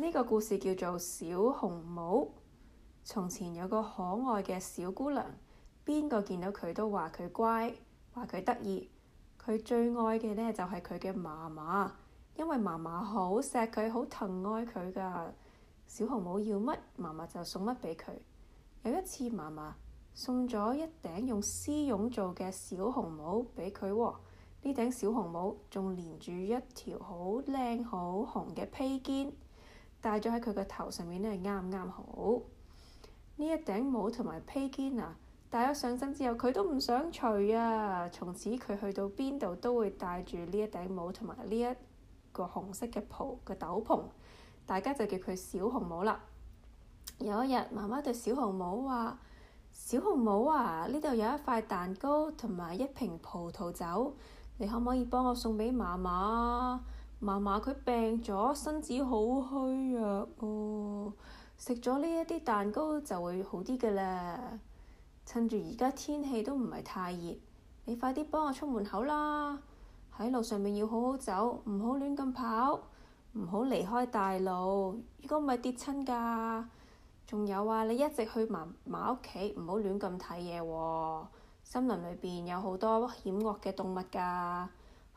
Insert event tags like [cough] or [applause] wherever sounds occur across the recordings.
呢個故事叫做《小紅帽》。從前有個可愛嘅小姑娘，邊個見到佢都話佢乖，話佢得意。佢最愛嘅呢就係佢嘅媽媽，因為媽媽好錫佢，好疼愛佢㗎。小紅帽要乜，媽媽就送乜俾佢。有一次，媽媽送咗一頂用絲絨做嘅小紅帽俾佢喎。呢頂小紅帽仲連住一條好靚好紅嘅披肩。戴咗喺佢嘅頭上面呢，係，啱啱好。呢一頂帽同埋披肩啊，戴咗上身之後，佢都唔想除啊！從此佢去到邊度都會戴住呢一頂帽同埋呢一個紅色嘅袍嘅斗篷，大家就叫佢小紅帽啦。有一日，媽媽對小紅帽話：小紅帽啊，呢度有一塊蛋糕同埋一瓶葡萄酒，你可唔可以幫我送俾嫲嫲？嫲嫲佢病咗，身子好虛弱哦，食咗呢一啲蛋糕就會好啲嘅啦。趁住而家天氣都唔係太熱，你快啲幫我出門口啦。喺路上面要好好走，唔好亂咁跑，唔好離開大路，如果唔係跌親㗎。仲有啊，你一直去嫲嫲屋企，唔好亂咁睇嘢喎。森林裏邊有好多險惡嘅動物㗎。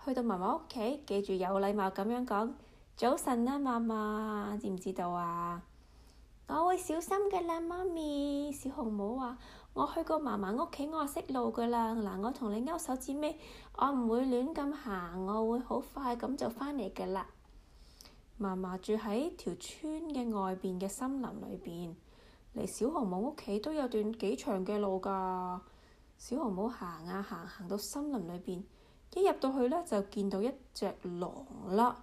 去到嫲嫲屋企，記住有禮貌咁樣講早晨啦，啊，嫲嫲，知唔知道啊？我會小心嘅啦，媽咪。小紅帽話：我去過嫲嫲屋企，我識路嘅啦。嗱，我同你勾手指尾，我唔會亂咁行，我會好快咁就翻嚟嘅啦。嫲嫲住喺條村嘅外邊嘅森林裏邊，離小紅帽屋企都有段幾長嘅路噶。小紅帽行啊行，行到森林裏邊。一入到去咧，就見到一隻狼啦。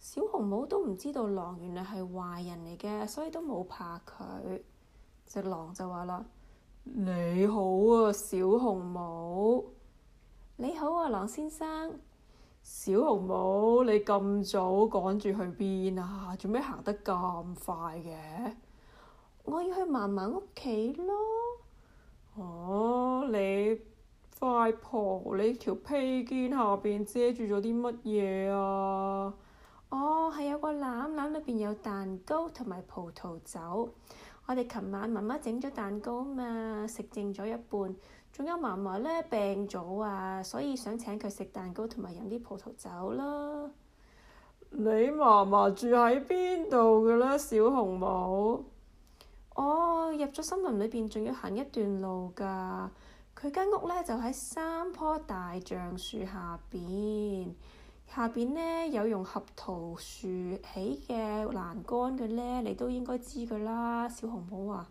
小紅帽都唔知道狼原來係壞人嚟嘅，所以都冇怕佢。隻狼就話啦：你好啊，小紅帽！你好啊，狼先生。小紅帽，你咁早趕住去邊啊？做咩行得咁快嘅？我要去嫲嫲屋企咯。哦，你。快婆，你條披肩下邊遮住咗啲乜嘢啊？哦，係有個籃籃，裏邊有蛋糕同埋葡萄酒。我哋琴晚媽媽整咗蛋糕嘛，食剩咗一半，仲有嫲嫲咧病咗啊，所以想請佢食蛋糕同埋飲啲葡萄酒啦。你嫲嫲住喺邊度嘅咧，小紅帽？哦，入咗森林裏邊，仲要行一段路㗎。佢間屋咧就喺三棵大橡樹下邊，下邊咧有用合桃樹起嘅欄杆嘅咧，你都應該知㗎啦。小紅帽話：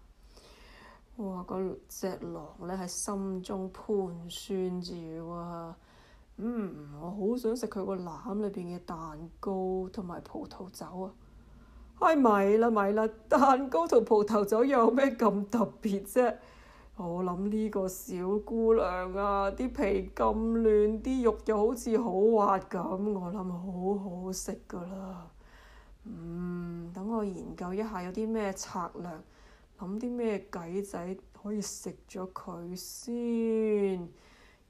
哇，嗰隻狼咧喺心中盤算住喎，嗯，我好想食佢個籃裏邊嘅蛋糕同埋葡萄酒啊！係咪啦？咪啦，蛋糕同葡萄酒有咩咁特別啫？我諗呢個小姑娘啊，啲皮咁嫩，啲肉又好似好滑咁，我諗好好食㗎喇。嗯，等我研究一下有啲咩策略，諗啲咩計仔可以食咗佢先。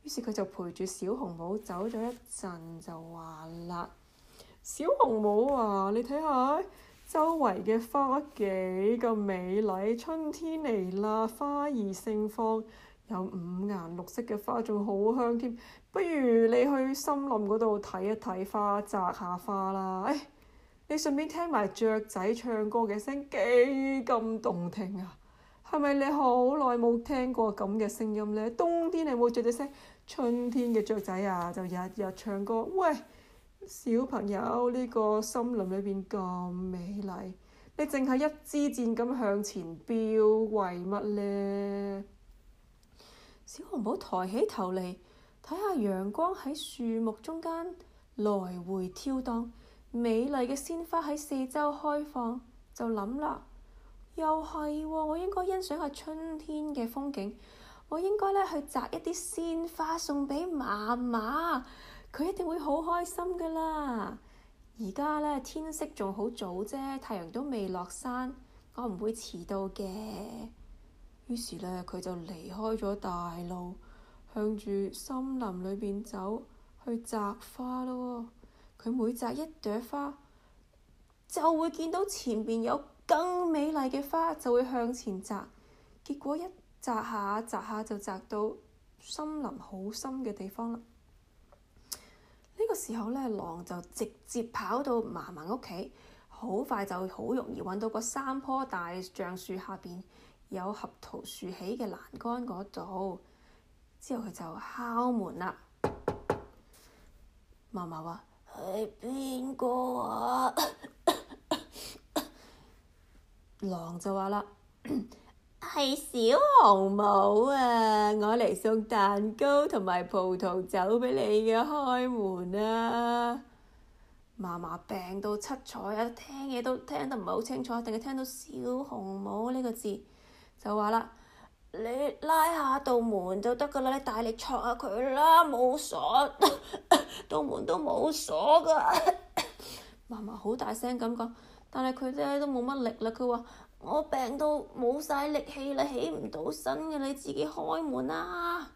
於是佢就陪住小紅帽走咗一陣，就話啦：小紅帽啊，你睇下。周圍嘅花幾咁美麗，春天嚟啦，花兒盛放，有五顏六色嘅花，仲好香添。不如你去森林嗰度睇一睇花，摘下花啦。誒，你順便聽埋雀仔唱歌嘅聲，幾咁動聽啊！係咪你好耐冇聽過咁嘅聲音呢？冬天你冇雀仔聲，春天嘅雀仔啊，就日日唱歌。喂！小朋友，呢個森林裏邊咁美麗，你淨係一支箭咁向前飆，為乜呢？小紅帽抬起頭嚟睇下陽光喺樹木中間來回跳蕩，美麗嘅鮮花喺四周開放，就諗啦，又係、哦、我應該欣賞下春天嘅風景，我應該咧去摘一啲鮮花送俾嫲嫲。佢一定會好開心㗎啦！而家咧天色仲好早啫，太陽都未落山，我唔會遲到嘅。於是咧，佢就離開咗大路，向住森林裏邊走去摘花咯。佢每摘一朵花，就會見到前面有更美麗嘅花，就會向前摘。結果一摘下摘下就摘到森林好深嘅地方啦。時候咧，狼就直接跑到嫲嫲屋企，好快就好容易揾到個三棵大橡樹下邊有合桃樹起嘅欄杆嗰度，之後佢就敲門啦。嫲嫲話：係邊個啊？ [laughs] 狼就話啦。 [coughs] 係小紅帽啊！我嚟送蛋糕同埋葡萄酒俾你嘅，開門啦，啊！嫲嫲病到七彩啊，聽嘢都聽得唔係好清楚，定係聽到小紅帽呢個字就話啦，你拉下道門就得噶啦，你大力戳下佢啦，冇鎖， [laughs] 道門都冇鎖噶。嫲嫲好大聲咁講，但係佢呢都冇乜力啦，佢話。我病到冇晒力氣啦，起唔到身嘅，你自己開門啦！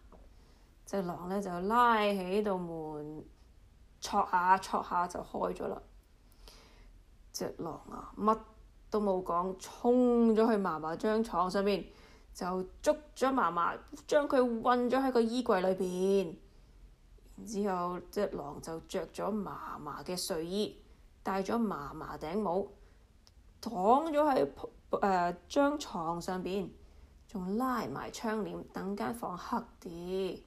隻狼咧就拉起度門，戳下戳下就開咗啦。隻狼啊，乜都冇講，衝咗去嫲嫲張床上面，就捉咗嫲嫲，將佢韞咗喺個衣櫃裏邊。然之後，隻狼就着咗嫲嫲嘅睡衣，戴咗嫲嫲頂帽，躺咗喺。誒、呃，將床上邊仲拉埋窗簾，等間房黑啲。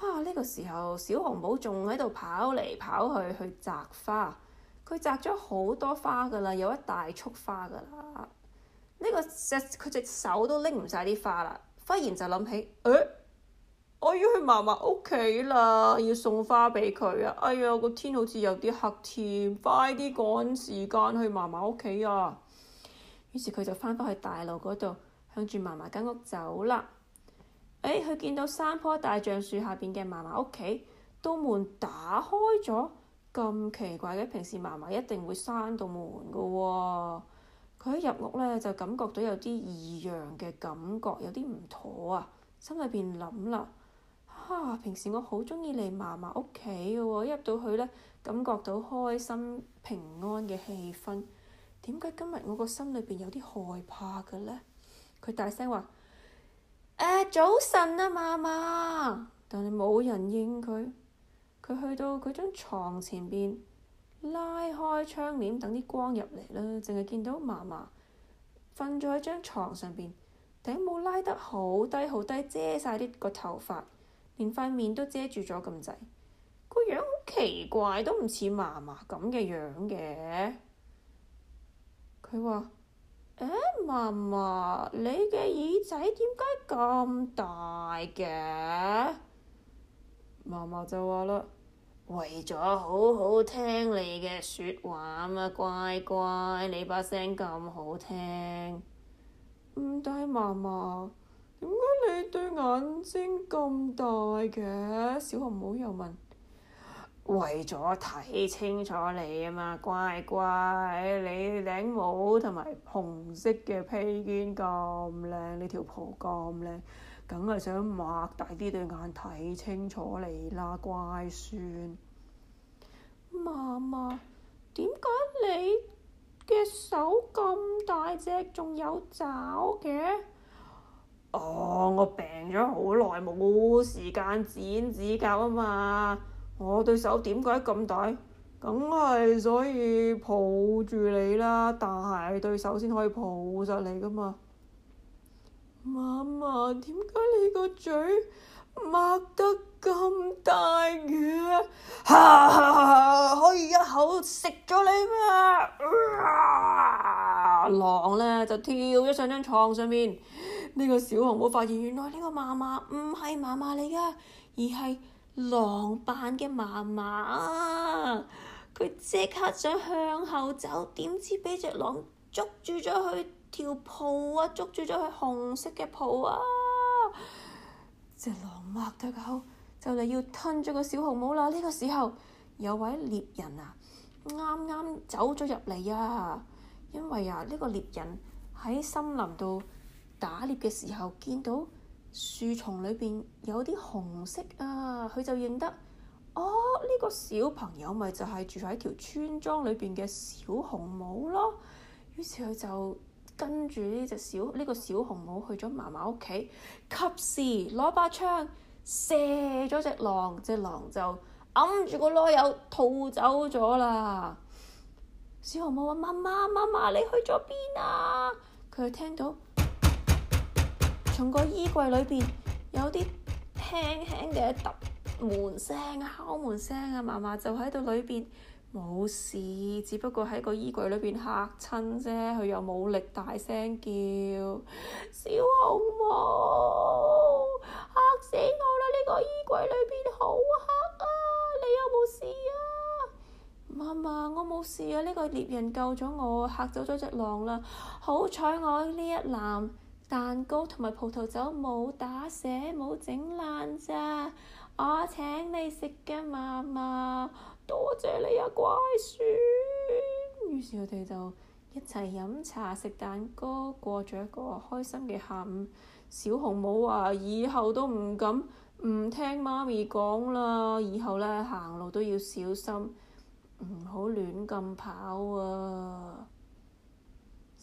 嚇、啊！呢個時候，小紅帽仲喺度跑嚟跑去去摘花。佢摘咗好多花㗎啦，有一大束花㗎啦。呢個隻佢隻手都拎唔晒啲花啦。忽然就諗起，誒、欸，我要去嫲嫲屋企啦，要送花俾佢啊！哎呀，個天好似有啲黑添，快啲趕時間去嫲嫲屋企啊！於是佢就翻返去大路嗰度，向住嫲嫲間屋走啦。誒、欸，佢見到三棵大橡樹下邊嘅嫲嫲屋企，道門打開咗，咁奇怪嘅，平時嫲嫲一定會閂到門㗎喎、哦。佢一入屋咧，就感覺到有啲異樣嘅感覺，有啲唔妥啊！心裏邊諗啦，嚇、啊，平時我好中意嚟嫲嫲屋企嘅喎，一入到去咧，感覺到開心平安嘅氣氛。點解今日我個心裏邊有啲害怕嘅咧？佢大聲話：啊，早晨啊，嫲嫲！但係冇人應佢。佢去到佢張床前邊，拉開窗簾，等啲光入嚟啦。淨係見到嫲嫲瞓咗喺張床上邊，頂帽拉得好低好低，遮晒啲個頭髮，連塊面都遮住咗咁滯。個樣好奇怪，都唔似嫲嫲咁嘅樣嘅。佢話：誒，嫲嫲，欸，你嘅耳仔點解咁大嘅？嫲嫲就話啦，為咗好好聽你嘅説話啊嘛，乖乖，你把聲咁好聽。唔，但係嫲嫲，點解你對眼睛咁大嘅？小紅帽又問。為咗睇清楚你啊嘛，乖乖，你頂帽同埋紅色嘅披肩咁靚，呢條袍咁靚，梗係想擘大啲對眼睇清楚你啦，乖孫。媽媽，點解你嘅手咁大隻，仲有爪嘅？哦，我病咗好耐，冇時間剪指甲啊嘛～我對手點解咁大？梗係所以抱住你啦，但係對手先可以抱實你㗎嘛。嫲嫲，點解你個嘴擘得咁大嘅？ [laughs] 可以一口食咗你咩？ [laughs] 狼呢就跳咗上張床上面。呢、呢個小紅帽發現原來呢個嫲嫲唔係嫲嫲嚟㗎，而係狼扮嘅嫲嫲，佢即刻想向後走，點知俾隻狼捉住咗佢條袍啊！捉住咗佢紅色嘅袍啊！隻狼擘大個口，就嚟要吞咗個小紅帽啦！呢個時候，有位獵人啊，啱啱走咗入嚟啊，因為啊，呢個獵人喺森林度打獵嘅時候見到。樹叢裏邊有啲紅色啊，佢就認得，哦呢、這個小朋友咪就係住喺條村莊裏邊嘅小紅帽咯。於是佢就跟住呢隻小呢、這個小紅帽去咗嫲嫲屋企，及時攞把槍射咗隻狼，狼，隻狼就揞住個籮柚逃走咗啦。小紅帽話媽媽，媽媽你去咗邊啊？佢就聽到。從個衣櫃裏邊有啲輕輕嘅揼門聲、敲門聲啊！嫲嫲就喺度裏邊冇事，只不過喺個衣櫃裏邊嚇親啫。佢又冇力大聲叫， [laughs] 小紅帽嚇死我啦！呢個衣櫃裏邊好黑啊！你有冇事啊？嫲嫲，我冇事啊！呢個獵人救咗我，嚇走咗隻狼啦。好彩我呢一欄。蛋糕同埋葡萄酒冇打碎冇整爛咋，我請你食嘅，媽媽，多謝你啊，乖孫。於是佢哋就一齊飲茶食蛋糕，過咗一個開心嘅下午。小紅帽話，以後都唔敢唔聽媽咪講啦，以後咧，行路都要小心，唔好亂咁跑啊！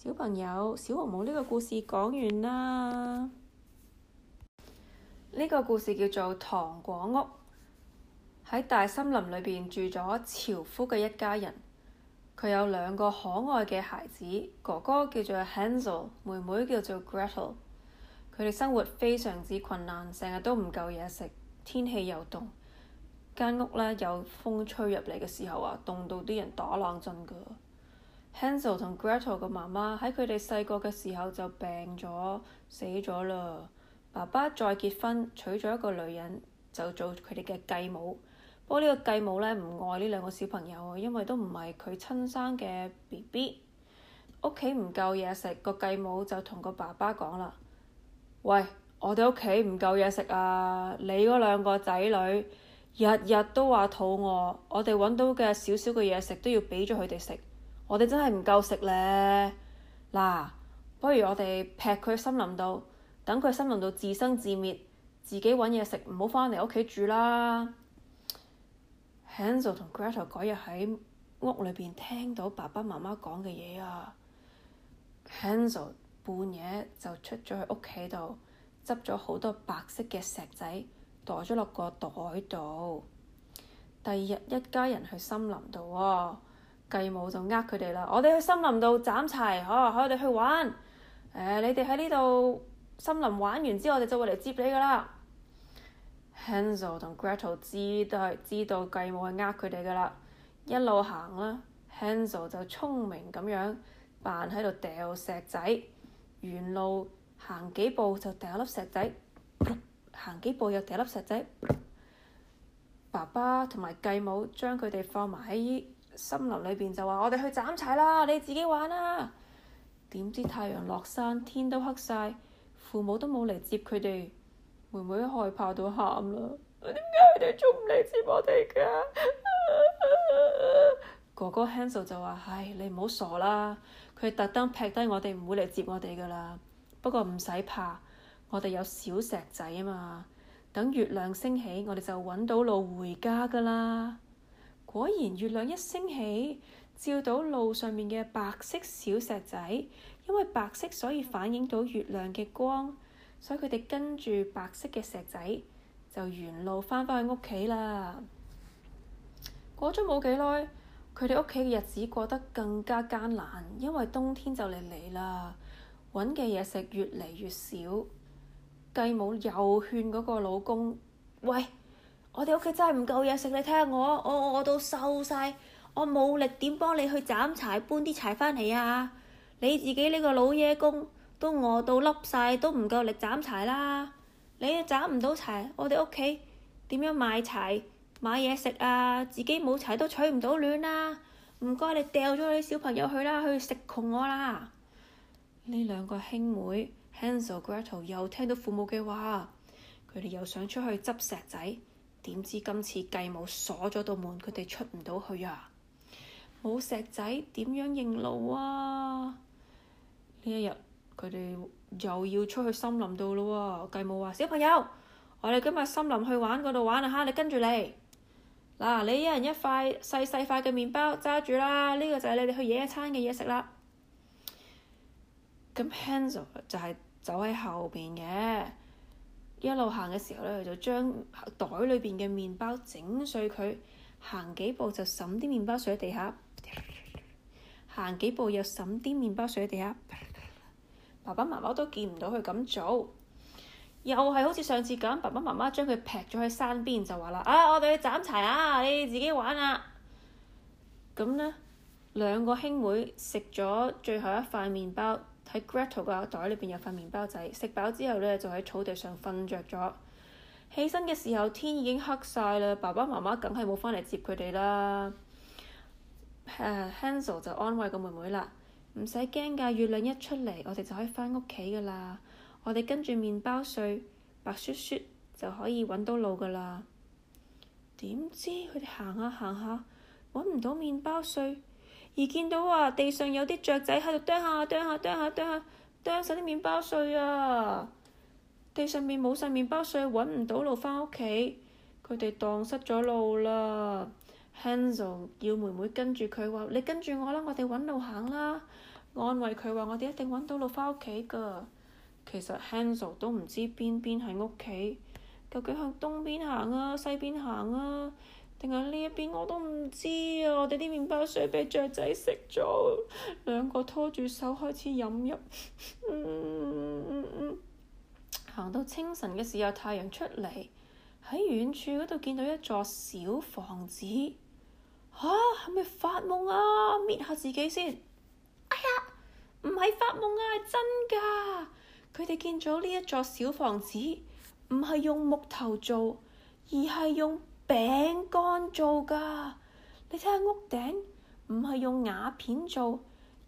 小朋友，小紅帽呢個故事講完啦。呢個故事叫做《糖果屋》，喺大森林裏邊住咗樵夫嘅一家人。佢有兩個可愛嘅孩子，哥哥叫做 Hansel，妹妹叫做 Gretel。佢哋生活非常之困難，成日都唔夠嘢食，天氣又凍，間屋呢，有風吹入嚟嘅時候啊，凍到啲人打冷震噶。Hansel 同 Gretel 嘅媽媽喺佢哋細個嘅時候就病咗死咗啦。爸爸再結婚娶咗一個女人就做佢哋嘅繼母。不過呢個繼母咧，唔愛呢兩個小朋友，因為都唔係佢親生嘅 BB。屋企唔夠嘢食，個繼母就同個爸爸講啦：「喂，我哋屋企唔夠嘢食啊！你嗰兩個仔女日日都話肚餓，我哋揾到嘅少少嘅嘢食都要俾咗佢哋食。我哋真係唔夠食咧嗱，不如我哋劈佢去森林度，等佢森林度自生自滅，自己揾嘢食，唔好返嚟屋企住啦。Hansel 同 Gretel 嗰日喺屋裏邊聽到爸爸媽媽講嘅嘢啊，Hansel 半夜就出咗去屋企度執咗好多白色嘅石仔，袋咗落個袋度。第二日一家人去森林度喎。繼母就呃佢哋啦！我哋去森林度斬柴，可、啊、可我哋去玩。誒、啊，你哋喺呢度森林玩完之後，我哋就會嚟接你㗎啦。Hansel 同 Gretel 知都係知道繼母係呃佢哋㗎啦，一路行啦。Hansel 就聰明咁樣扮喺度掉石仔，沿路行幾步就掉粒石仔，行幾步又掉粒石仔。爸爸同埋繼母將佢哋放埋喺森林裏邊就話，我哋去斬柴啦，你自己玩啦。點知太陽落山，天都黑晒，父母都冇嚟接佢哋。妹妹害怕到喊啦，點解佢哋仲唔嚟接我哋噶、啊？啊啊啊啊哥哥 Hansel 就話：，唉，你唔好傻啦，佢特登劈低我哋唔會嚟接我哋噶啦。不過唔使怕，我哋有小石仔啊嘛。等月亮升起，我哋就揾到路回家噶啦。果然月亮一升起，照到路上面嘅白色小石仔，因為白色所以反映到月亮嘅光，所以佢哋跟住白色嘅石仔就沿路翻返去屋企啦。過咗冇幾耐，佢哋屋企嘅日子過得更加艱難，因為冬天就嚟嚟啦，揾嘅嘢食越嚟越少。繼母又勸嗰個老公：喂！我哋屋企真係唔夠嘢食，你睇下我，我餓到瘦晒。我冇力點幫你去斬柴搬啲柴翻嚟啊！你自己呢個老野公，都餓到凹晒，都唔夠力斬柴啦。你又斬唔到柴，我哋屋企點樣買柴買嘢食啊？自己冇柴都取唔到暖啦。唔該，你掉咗你啲小朋友去啦，去食窮我啦。呢兩個兄妹，Hansel Gretel 又聽到父母嘅話，佢哋又想出去執石仔。點知今次繼母鎖咗道門，佢哋出唔到去啊！冇石仔，點樣認路啊？呢一日佢哋又要出去森林度咯喎！繼母話：小朋友，我哋今日森林去玩嗰度玩啊！吓，你跟住嚟。嗱、啊，你一人一塊細細塊嘅麵包揸住啦，呢、這個就係你哋去野餐嘅嘢食啦。咁 Hansel 就係走喺後邊嘅。一路行嘅時候咧，佢就將袋裏邊嘅麵包整碎佢，行幾步就抌啲麵包碎喺地下，行幾步又抌啲麵包碎喺地下。爸爸媽媽都見唔到佢咁做，又係好似上次咁，爸爸媽媽將佢劈咗喺山邊就話啦：啊，我哋去斬柴啊，你自己玩啊！咁呢兩個兄妹食咗最後一塊麵包。喺 Gretel 個袋裏邊有塊麵包仔，食飽之後咧就喺草地上瞓着咗。起身嘅時候天已經黑晒啦，爸爸媽媽梗係冇返嚟接佢哋啦。誒，uh，Hansel 就安慰個妹妹啦，唔使驚㗎，月亮一出嚟，我哋就可以返屋企㗎啦。我哋跟住麵包碎，白雪雪就可以揾到路㗎啦。點知佢哋行下行下揾唔到麵包碎。而見到啊，地上有啲雀仔喺度啄下啄下啄下啄下啄晒啲麵包碎啊！地上面冇晒麵包碎，揾唔到路返屋企，佢哋蕩失咗路啦。Hansel 要妹妹跟住佢話：你跟住我啦，我哋揾路行啦。安慰佢話：我哋一定揾到路返屋企噶。其實 Hansel 都唔知邊邊係屋企，究竟向東邊行啊，西邊行啊？定係呢一邊我都唔知啊！我哋啲麵包水俾雀仔食咗，兩個拖住手開始飲入，嗯、行到清晨嘅時候，太陽出嚟喺遠處嗰度見到一座小房子，嚇係咪發夢啊？搣下自己先，哎呀，唔係發夢啊，係真㗎！佢哋見咗呢一座小房子，唔係用木頭做，而係用餅乾做噶，你睇下屋頂唔係用瓦片做，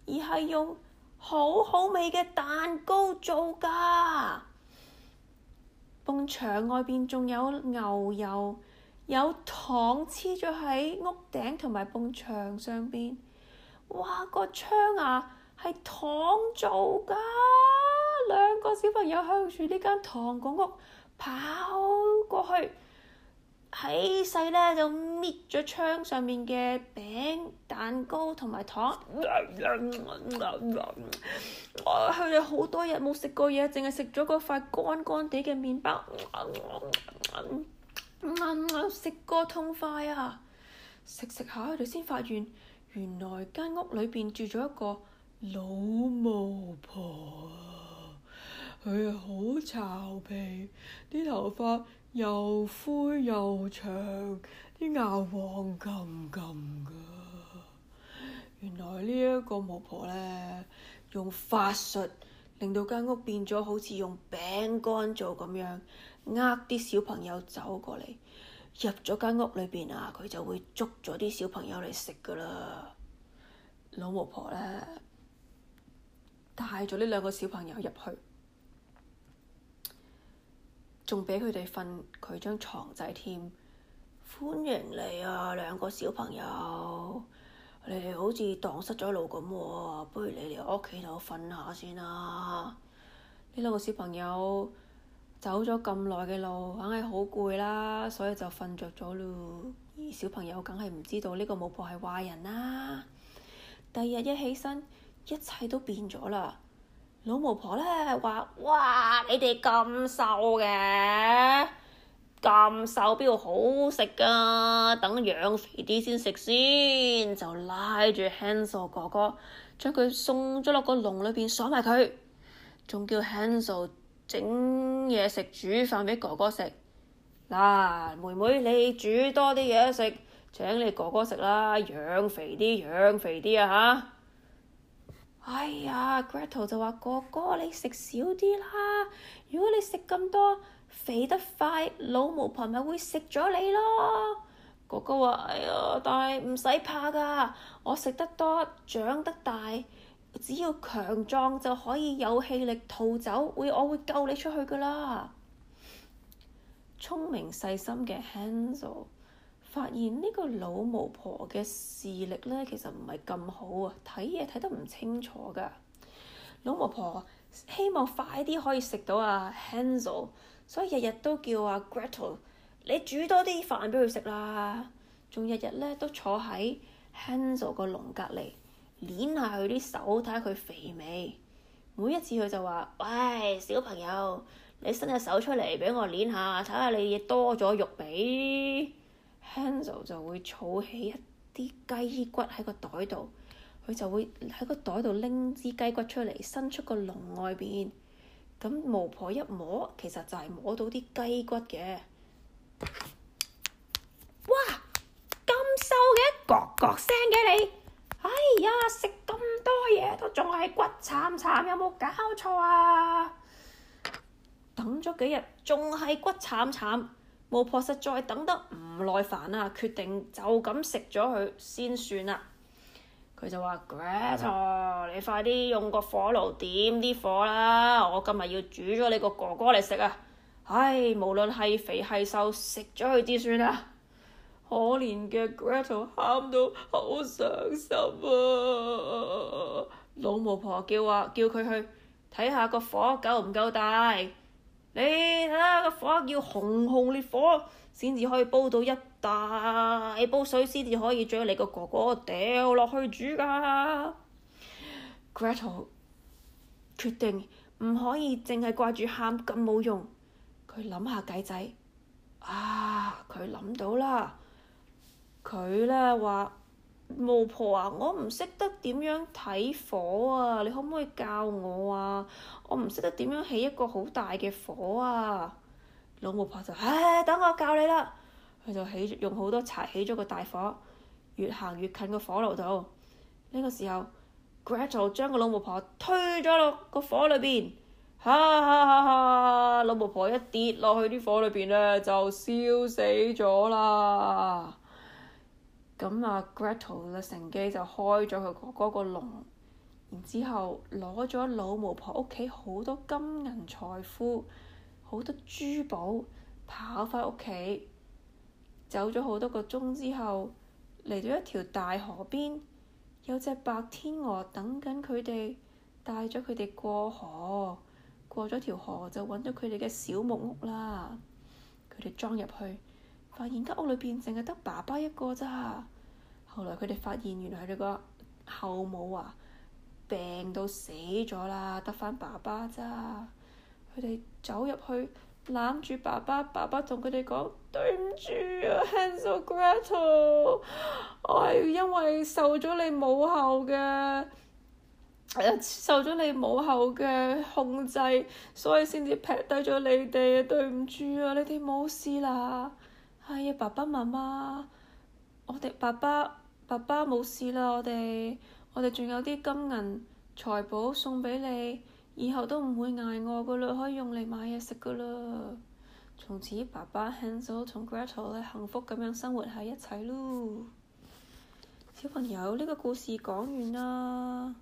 而係用好好味嘅蛋糕做噶。棟牆 [laughs] 外邊仲有牛油，有糖黐咗喺屋頂同埋棟牆上邊。哇，個窗牙係糖做噶，兩個小朋友向住呢間糖果屋跑過去。喺細咧就搣咗窗上面嘅餅、蛋糕同埋糖。 [laughs] 啊佢哋好多日冇食過嘢，淨係食咗嗰塊乾乾地嘅麵包。啊啊！食個痛快啊！食食下佢哋先發現，原來間屋裏邊住咗一個老巫婆。佢好皺皮，啲頭髮。又灰又長，啲牙黃冚冚噶。原來呢一個巫婆咧，用法術令到間屋變咗好似用餅乾做咁樣，呃啲小朋友走過嚟，入咗間屋裏邊啊，佢就會捉咗啲小朋友嚟食噶啦。老巫婆咧，帶咗呢兩個小朋友入去。仲俾佢哋瞓佢張床仔添，歡迎你啊，兩個小朋友，你哋好似蕩失咗路咁，不如你嚟我屋企度瞓下先啦。呢兩個小朋友走咗咁耐嘅路，梗係好攰啦，所以就瞓着咗咯。而小朋友梗係唔知道呢個老婆係壞人啦。第二日一起身，一切都變咗啦。老巫婆咧話：哇！你哋咁瘦嘅，咁瘦邊度好食啊？等養肥啲先食先，就拉住 Hansel 哥哥，將佢送咗落個籠裏邊鎖埋佢，仲叫 Hansel 整嘢食煮飯俾哥哥食。嗱、啊，妹妹你煮多啲嘢食，請你哥哥食啦，養肥啲，養肥啲啊嚇！哎呀，Gretel 就話哥哥你食少啲啦，如果你食咁多，肥得快，老巫婆咪會食咗你咯。哥哥話：哎呀，但係唔使怕㗎，我食得多長得大，只要強壯就可以有氣力逃走，會我會救你出去㗎啦。聰明細心嘅 Hansel。發現呢個老巫婆嘅視力咧，其實唔係咁好啊，睇嘢睇得唔清楚㗎。老巫婆希望快啲可以食到阿 Hansel，所以日日都叫阿 Gretel，你煮多啲飯俾佢食啦。仲日日咧都坐喺 Hansel 個籠隔離，捻下佢啲手，睇下佢肥未。每一次佢就話：喂，小朋友，你伸隻手出嚟俾我捻下，睇下你多咗肉未？Hansel 就會儲起一啲雞骨喺個袋度，佢就會喺個袋度拎支雞骨出嚟，伸出個籠外邊。咁巫婆一摸，其實就係摸到啲雞骨嘅。哇！咁瘦嘅，噉噉聲嘅你，哎呀，食咁多嘢都仲係骨慘慘，有冇搞錯啊？等咗幾日仲係骨慘慘，巫婆實在等得唔耐煩啦，決定就咁食咗佢先算啦。佢就話：Gretel，你快啲用個火爐點啲火啦！我今日要煮咗你個哥哥嚟食啊！唉，無論係肥係瘦，食咗佢先算啦。可憐嘅 Gretel 喊到好傷心啊！老巫婆叫啊，叫佢去睇下個火夠唔夠大。你睇下個火叫紅紅烈火。先至可以煲到一大煲水，先至可以將你個哥哥掉落去煮㗎。Gretel 決定唔可以淨係掛住喊咁冇用，佢諗下計仔。啊！佢諗到啦，佢咧話巫婆啊，我唔識得點樣睇火啊，你可唔可以教我啊？我唔識得點樣起一個好大嘅火啊！老巫婆就唉、啊，等我教你啦。佢就起用好多柴起咗個大火，越行越近個火爐度。呢、這個時候 Gretel 將個老巫婆推咗落個火裏邊，哈哈哈！老巫婆一跌落去啲火裏邊咧，就燒死咗啦。咁啊 Gretel 咧乘機就開咗佢哥哥個籠，然之後攞咗老巫婆屋企好多金銀財富。好多珠寶跑翻屋企，走咗好多個鐘之後，嚟到一條大河邊，有隻白天鵝等緊佢哋，帶咗佢哋過河。過咗條河就揾到佢哋嘅小木屋啦。佢哋裝入去，發現間屋裏邊淨係得爸爸一個咋。後來佢哋發現原來佢哋個後母啊，病到死咗啦，得翻爸爸咋。佢哋走入去攬住爸爸，爸爸同佢哋講：對唔住啊，hands of g r a t p l 我係因為受咗你母後嘅 [coughs] 受咗你母後嘅控制，所以先至劈低咗你哋啊， [coughs] 對唔住啊，你哋冇事啦。哎呀，爸爸媽媽，我哋爸爸爸爸冇事啦，我哋我哋仲有啲金銀財寶送畀你。以後都唔會挨餓噶啦，可以用嚟買嘢食噶啦。從此，爸爸、Hansel 同 Gretel 幸福咁樣生活喺一齊咯。小朋友，呢個故事講完啦。